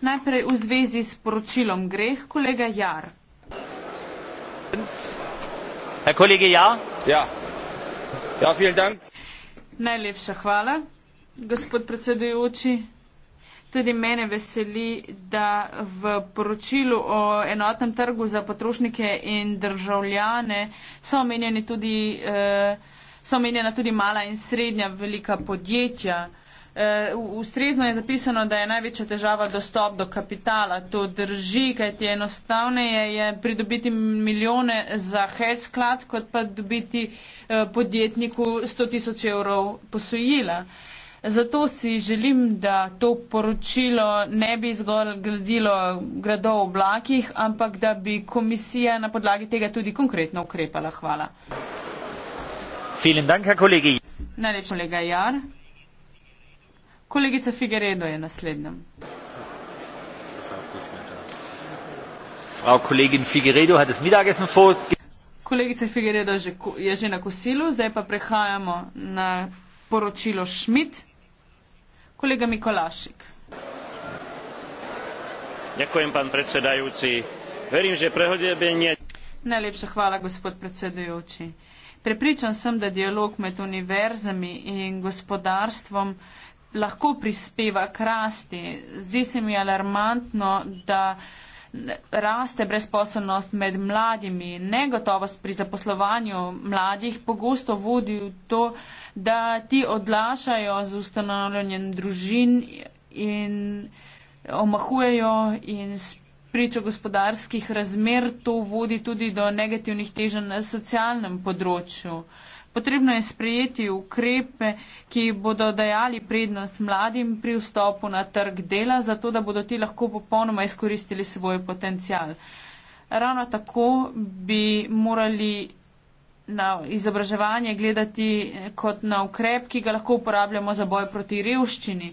Najprej v zvezi s poročilom greh, kolega Jar. Herr Kollege Jahr? Ja. Ja, vielen Dank. Najlepša hvala, gospod predsedujoči. Tudi mene veseli, da v poročilu o enotnem trgu za potrošnike in državljane so omenjena tudi, eh, tudi mala in srednja velika podjetja. Eh, ustrezno je zapisano, da je največja težava dostop do kapitala. To drži, kajti enostavneje je pridobiti milijone za hedge sklad, kot pa dobiti eh, podjetniku 100 tisoč evrov posojila. Zato si želim, da to poročilo ne bi zgolj gradilo grado v oblakih, ampak da bi komisija na podlagi tega tudi konkretno ukrepala. Hvala. Najlepša kolega Jar. Kolegica Figueredo je naslednja. Frau Kollegin Figueredo hat das Mittagessen vor. Kolegica Figueredo že, je že na kosilu, zdaj pa prehajamo na poročilo Schmidt. Kolega Mikolašik. Dziękujem, pan predsedajúci. Verím, že prehodebenie... Najlepša hvala, gospod predsedajúci. Prepričan sem, da dialog med univerzami in gospodarstvom lahko prispeva k rasti. Zdi se mi alarmantno, da raste brezposobnost med mladimi. Negotovost pri zaposlovanju mladih pogosto vodi v to, da ti odlašajo z ustanovljanjem družin in omahujejo in spričo gospodarskih razmer. To vodi tudi do negativnih težav na socialnem področju. Uh, Potrebno je sprejeti ukrepe, ki bodo dajali prednost mladim pri vstopu na trg dela, zato da bodo ti lahko popolnoma izkoristili svoj potencial. Ravno tako bi morali na izobraževanje gledati kot na ukrep, ki ga lahko uporabljamo za boj proti revščini.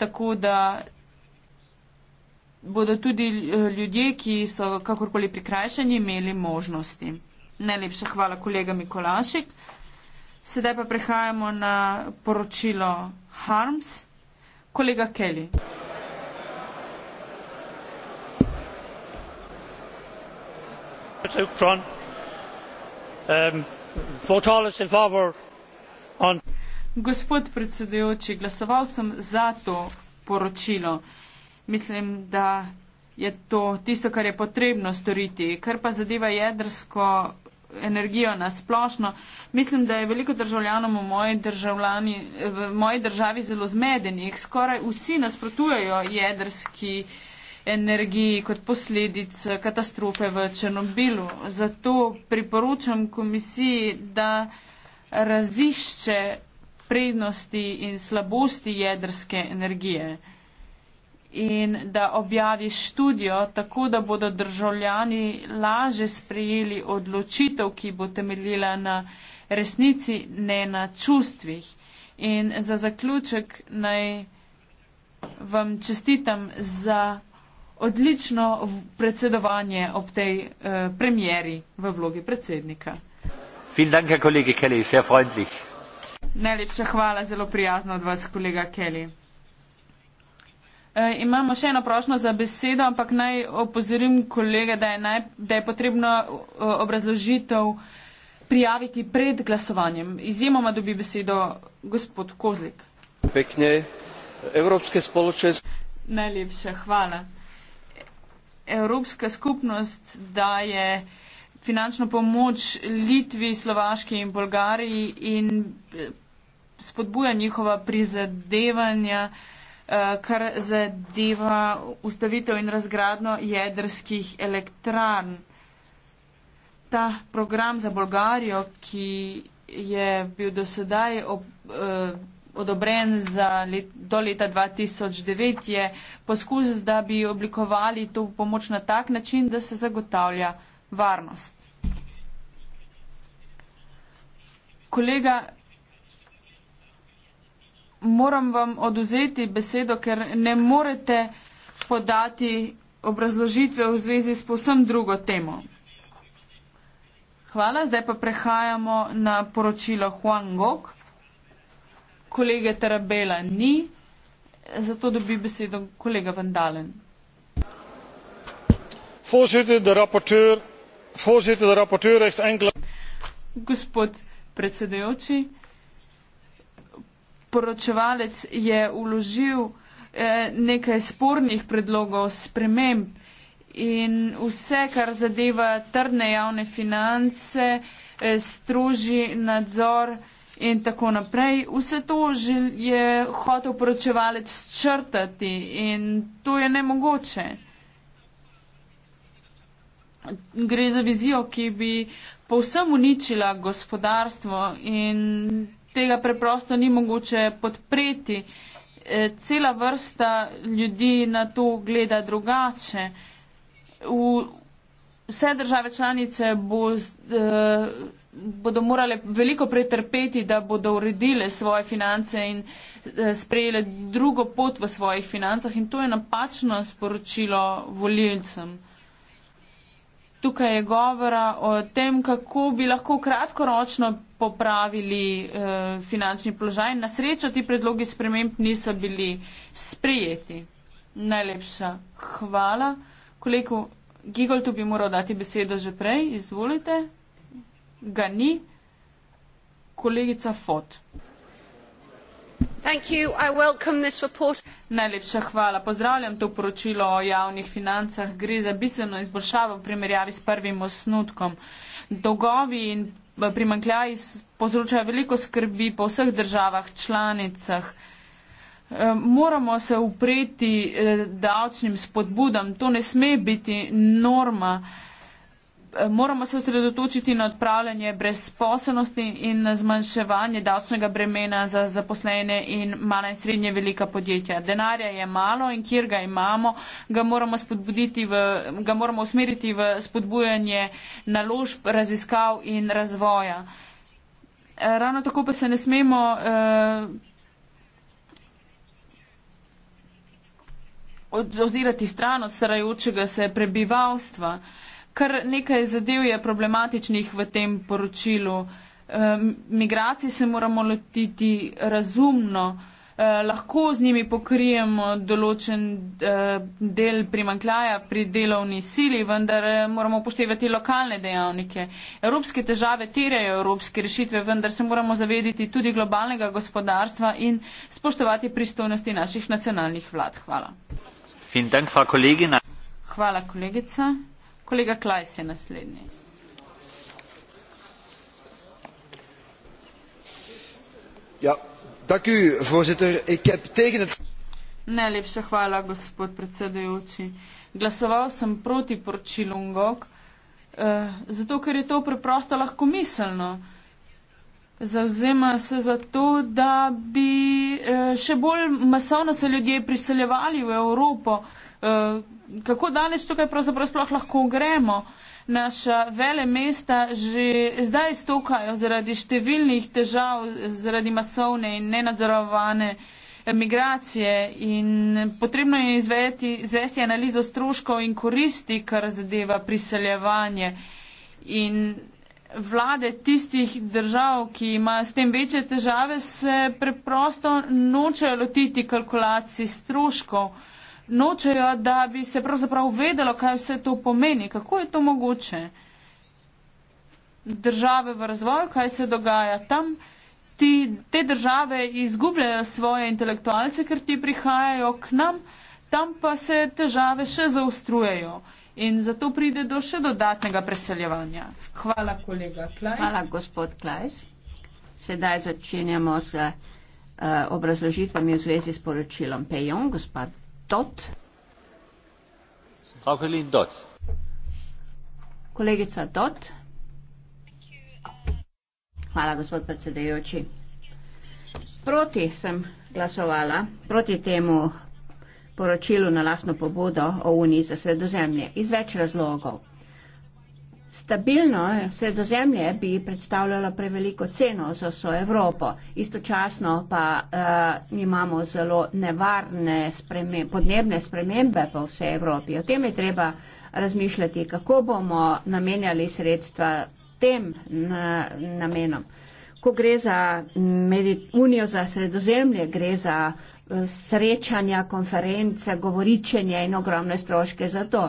Tako da bodo tudi ljudje, ki so kakorkoli prikrajšani, imeli možnosti. Najlepša hvala kolega Mikolašek. Sedaj pa prehajamo na poročilo Harms, kolega Kelly. Gospod predsedujoči, glasoval sem za to poročilo. Mislim, da je to tisto, kar je potrebno storiti. Kar pa zadeva jedrsko energijo na splošno. Mislim, da je veliko državljanom v moji, državljani, v moji državi zelo zmedenih. Skoraj vsi nasprotujejo jedrski energiji kot posledic katastrofe v Černobilu. Zato priporočam komisiji, da razišče prednosti in slabosti jedrske energije in da objaviš študijo, tako da bodo državljani laže sprejeli odločitev, ki bo temeljila na resnici, ne na čustvih. In za zaključek naj vam čestitam za odlično predsedovanje ob tej eh, premjeri v vlogi predsednika. Najlepša hvala, zelo prijazno od vas, kolega Kelly. E, imamo še eno prošlo za besedo, ampak naj opozorim kolege, da je, naj, da je potrebno e, obrazložitev prijaviti pred glasovanjem. Izjemoma dobi besedo gospod Kozlik. Pekne, Evropske spoločenske. Najlepša hvala. Evropska skupnost daje finančno pomoč Litvi, Slovaški in Bolgariji in e, spodbuja njihova prizadevanja. Eh, kar zadeva ustavitev in razgradno jedrskih elektrarn. Ta program za Bolgarijo, ki je bil dosedaj ob, eh, odobren za let, do leta 2009, je poskus, da bi oblikovali to pomoč na tak način, da se zagotavlja varnost. Kolega moram vam oduzeti besedo, ker ne morete podati obrazložitve v zvezi s povsem drugo temo. Hvala, zdaj pa prehajamo na poročilo Huangok. Kolege Tarabela ni, zato dobi besedo kolega Vandalen. Voorzitter, de rapporteur heeft enkele. Gospod predsedujoči poročevalec je uložil eh, nekaj spornih predlogov sprememb in vse, kar zadeva trdne javne finance, eh, stroži nadzor in tako naprej. Vse to žel, je hotel poročevalec črtati in to je nemogoče. Gre za vizijo, ki bi povsem uničila gospodarstvo in tega preprosto ni mogoče podpreti. E, cela vrsta ljudi na to gleda drugače. Vse države članice bo, e, bodo morale veliko pretrpeti, da bodo uredile svoje finance in e, sprejele drugo pot v svojih financah in to je napačno sporočilo volilcem. Tukaj je govora o tem, kako bi lahko kratkoročno popravili eh, finančni položaj. Na srečo ti predlogi sprememb niso bili sprejeti. Najlepša hvala. Koliko Gigol tu bi moral dati besedo že prej, izvolite. Ga ni. Kolegica Fot. Najlepša hvala. Pozdravljam to poročilo o javnih financah. Gre za bistveno izboljšavo v primerjavi s prvim osnutkom. Dolgovi in primankljaji povzročajo veliko skrbi po vseh državah, članicah. E, moramo se upreti e, davčnim spodbudam, to ne sme biti norma moramo se osredotočiti na odpravljanje brezposobnosti in na zmanjševanje davčnega bremena za zaposlene in mala in srednje velika podjetja. Denarja je malo in kjer ga imamo, ga moramo, v, ga moramo usmeriti v spodbujanje naložb, raziskav in razvoja. Eh, ravno tako pa se ne smemo. Eh, Odozirati stran od starajočega se prebivalstva. Uh, kar nekaj zadev je problematičnih v tem poročilu. Migracije se moramo lotiti razumno, e, lahko z njimi pokrijemo določen e, del primankljaja pri delovni sili, vendar e, moramo upoštevati lokalne dejavnike. Evropske težave terjajo evropske rešitve, vendar se moramo zavediti tudi globalnega gospodarstva in spoštovati pristojnosti naših nacionalnih vlad. Hvala. Hvala kolegica. Kolega Klajs je naslednji. Ja, tak u, voorzitter, ik heb tegen het... Najlepša hvala, gospod predsedujoči. Glasoval sem proti poročilu Ngok, eh, zato ker je to preprosto lahko miselno. Zavzema se za to, da bi eh, še bolj masovno se ljudje priseljevali v Evropo, Eh, kako daleč tukaj pravzaprav sploh lahko gremo. Naša vele mesta že zdaj stokajo zaradi številnih težav, zaradi masovne in nenadzorovane migracije in potrebno je izvedeti, izvesti analizo stroškov in koristi, kar zadeva priseljevanje. In vlade tistih držav, ki ima s tem večje težave, se preprosto nočejo lotiti kalkulacij stroškov nočejo, da bi se pravzaprav vedelo, kaj vse to pomeni. Kako je to mogoče? Države v razvoju, kaj se dogaja tam? Ti, te države izgubljajo svoje intelektualce, ker ti prihajajo k nam, tam pa se težave še zaustrujejo in zato pride do še dodatnega preseljevanja. Hvala, kolega Klajs. Hvala, gospod Klajs. Sedaj začenjamo z uh, obrazložitvami v zvezi s poročilom Pejon, gospod Dodds. Kolegica Dodds. Hvala, gospod predsedujoči. Proti sem glasovala, proti temu poročilu na lasno pobudo o Uniji za sredozemlje, iz več razlogov. Stabilno sredozemlje bi predstavljalo preveliko ceno za vso Evropo, istočasno pa uh, imamo zelo nevarne spremem, podnebne spremembe po vsej Evropi. O tem je treba razmišljati, kako bomo namenjali sredstva tem na, namenom. Ko gre za Unijo za sredozemlje, gre za eh, srečanja, konference, govoričenje in ogromne stroške za to.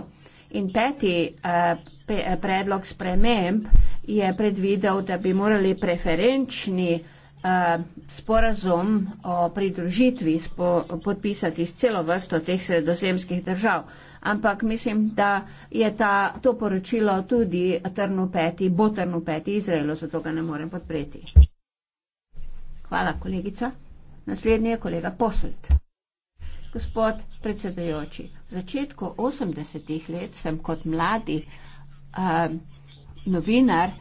In peti eh, eh, predlog sprememb je predvidel, da bi morali preferenčni eh, sporazum o pridružitvi podpisati s celo vrsto teh sredozemskih držav. Ampak mislim, da je ta, to poročilo tudi trnu peti, bo trnu peti Izraelu, zato ga ne morem podpreti. Hvala, kolegica. Naslednji je kolega Poselt. Gospod predsedajoči, v začetku 80-ih let sem kot mladi um, novinar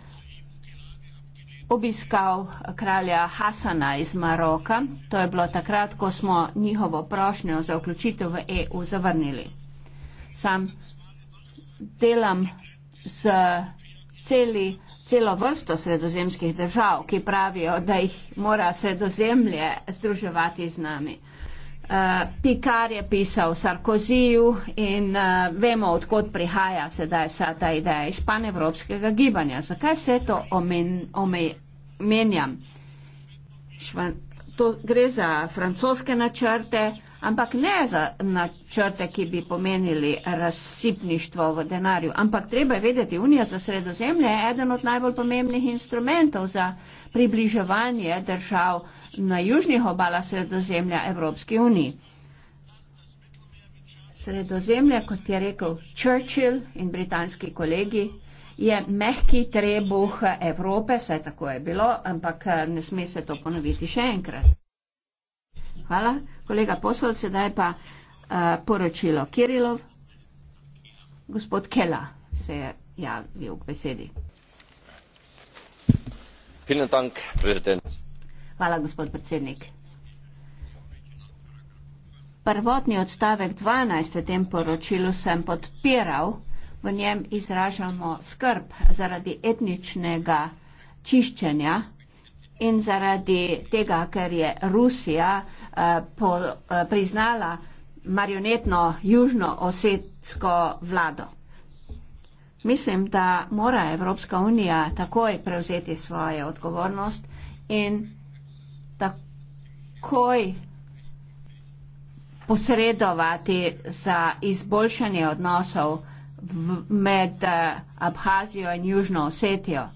obiskal kralja Hasana iz Maroka. To je bilo takrat, ko smo njihovo prošnjo za vključitev v EU zavrnili. Sam delam z celi, celo vrsto sredozemskih držav, ki pravijo, da jih mora sredozemlje združevati z nami. Eh, Pikar je pisal Sarkoziju in uh, vemo, odkot prihaja sedaj vsa ta ideja iz panevropskega gibanja. Zakaj vse to omen, omenjam? Šva, to gre za francoske načrte, ampak ne za načrte, ki bi pomenili razsipništvo v denarju, ampak treba je vedeti, Unija za sredozemlje je eden od najbolj pomembnih instrumentov za približevanje držav na južnih obalah sredozemlja Evropske unije. Sredozemlje, kot je rekel Churchill in britanski kolegi, je mehki trebuh Evrope, vse tako je bilo, ampak eh, ne sme se to ponoviti še enkrat. Hvala. Kolega Posol, sedaj pa uh, poročilo Kirilov. Gospod Kela se je javil k besedi. Tank, Hvala, gospod predsednik. Prvotni odstavek 12 v tem poročilu sem podpiral. V njem izražamo skrb zaradi etničnega čiščenja in zaradi tega, ker je Rusija eh, po, eh, priznala marionetno južno osetsko vlado. Mislim, da mora Evropska unija takoj prevzeti svojo odgovornost in takoj posredovati za izboljšanje odnosov v, med eh, Abhazijo in Južno Osetijo.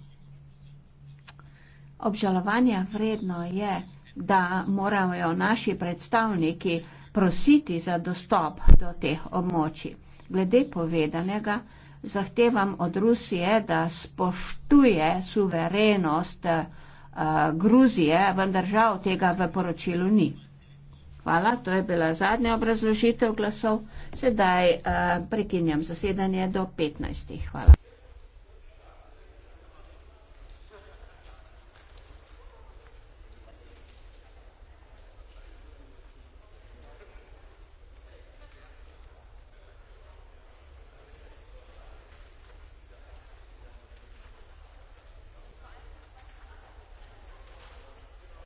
Obžalovanja vredno je, da morajo naši predstavniki prositi za dostop do teh območij. Glede povedanega, zahtevam od Rusije, da spoštuje suverenost uh, Gruzije, vendar žal tega v poročilu ni. Hvala, to je bila zadnja obrazložitev glasov. Sedaj uh, prekinjam zasedanje do 15. Hvala.